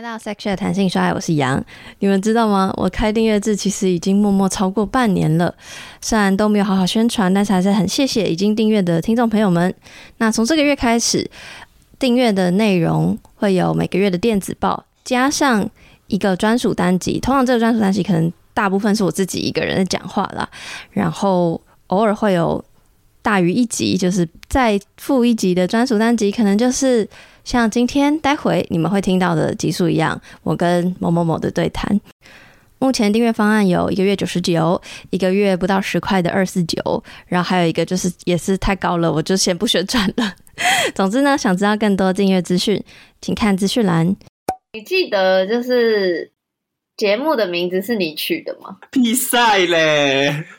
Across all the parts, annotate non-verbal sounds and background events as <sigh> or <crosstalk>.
來到 Sex Chat 談性說愛，我是楊。你們知道嗎？我開訂閱制其實已經默默超過半年了，雖然都沒有好好宣傳，但是還是很謝謝已經訂閱的聽眾朋友們。那從這個月開始，訂閱的內容會有每個月的電子報，加上一個專屬單集。通常這個專屬單集可能大部分是我自己一個人在講話啦，然後偶爾會有。大於一集，就是再付一集的專屬單集。可能就是像今天待會你們會聽到的集數一樣，我跟某某某的對談。目前訂閱方案有一個月九十九，一個月不到十塊的二四九，然後還有一個就是也是太高了，我就先不宣傳了。總之呢，想知道更多訂閱資訊，請看資訊欄。你記得就是節目的名字是你取的嗎？比賽嘞！ <laughs>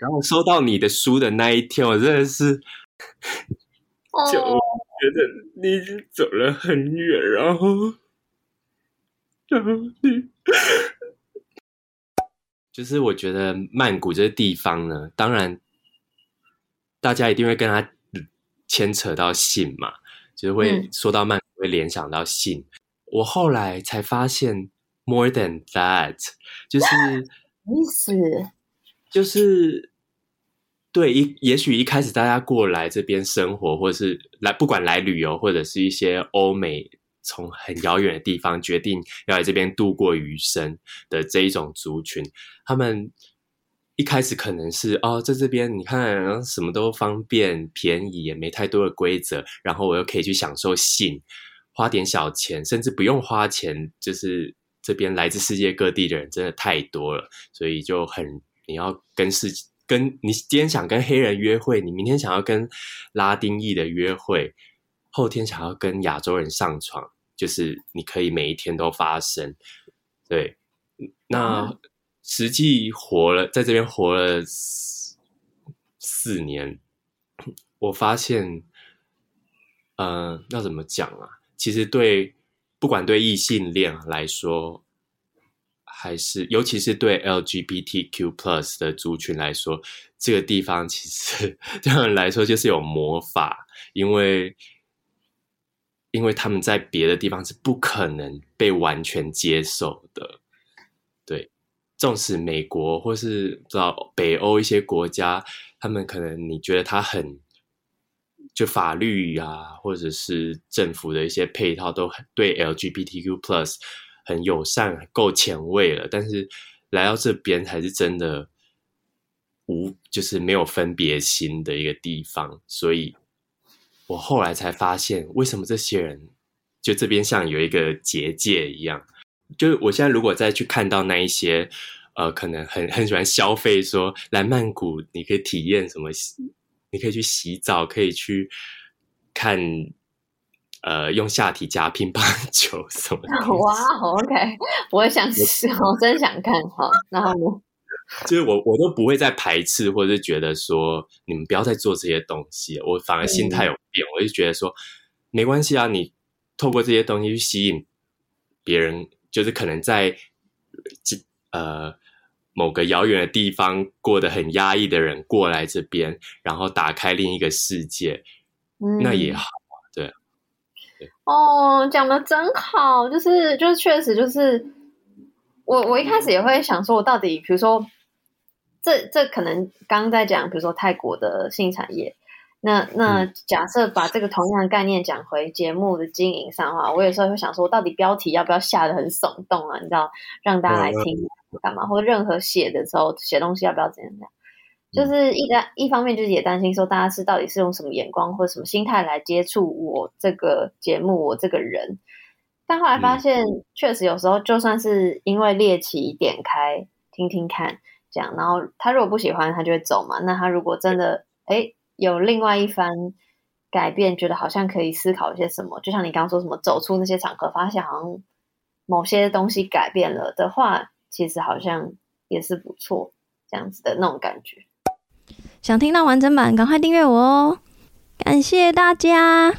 然後收到你的書的那一天，我真的是，就覺得你已經走了很遠，然後，然後你，就是我覺得曼谷這個地方呢，當然，大家一定會跟他牽扯到性嘛，就是會說到曼谷會聯想到性。我後來才發現，more than that，就是意思。就是，對，一，也許一開始大家過來這邊生活，或是來，不管來旅遊，或者是一些歐美從很遙遠的地方決定要來這邊度過餘生的這一種族群，他們一開始可能是哦，在這邊你看，什麼都方便便宜，也沒太多的規則，然後我又可以去享受性，花點小錢，甚至不用花錢，就是這邊來自世界各地的人真的太多了，所以就很。你要跟世跟你今天想跟黑人約會，你明天想要跟拉丁裔的約會，後天想要跟亞洲人上床，就是你可以每一天都發生。對，那實際活了、嗯、在這邊活了四四年，我發現，嗯、呃，要怎麼講啊？其實對，不管對異性戀來說。還是，尤其是對 LGBTQ+ 的族群來說，這個地方其實對他們來說就是有魔法，因為因為他們在別的地方是不可能被完全接受的。對，縱使美國或是知道北歐一些國家，他們可能你覺得他很就法律啊，或者是政府的一些配套都很對 LGBTQ+。很友善，夠前衛了。但是來到這邊，才是真的無，就是沒有分別心的一個地方。所以，我後來才發現，為什麼這些人就這邊像有一個結界一樣。就是我現在如果再去看到那一些，呃，可能很很喜歡消費，說來曼谷你可以體驗什麼，你可以去洗澡，可以去看。呃，用下體夾乒乓球什麼的？哇，OK，我也想，我、 <laughs> 哦、真想看好。然後呢？就是我，我都不會再排斥，或者是覺得說你們不要再做這些東西。我反而心態有變，嗯、我就覺得說沒關係啊，你透過這些東西去吸引別人，就是可能在呃某個遙遠的地方過得很壓抑的人過來這邊，然後打開另一個世界，嗯、那也好。哦，講得真好，就是就是確實就是，我我一開始也會想說，我到底比如說，這這可能剛在講，比如說泰國的性產業，那那假設把這個同樣的概念講回節目的經營上的話，我有時候會想說，我到底標題要不要下得很聳動啊？你知道，讓大家來聽幹嘛？嗯嗯、或者任何寫的時候寫東西要不要這樣子？就是一旦一方面就是也擔心說，大家是到底是用什麼眼光或者什麼心態來接觸我這個節目、我這個人，但後來發現確實有時候就算是因為獵奇點開聽聽看這樣，然後他如果不喜歡他就會走嘛，那他如果真的誒對、欸、有另外一番改變，覺得好像可以思考一些什麼，就像你剛剛說什麼走出那些場合，發現好像某些東西改變了的話，其實好像也是不錯這樣子的那種感覺。想聽到完整版，趕快訂閱我哦！感謝大家！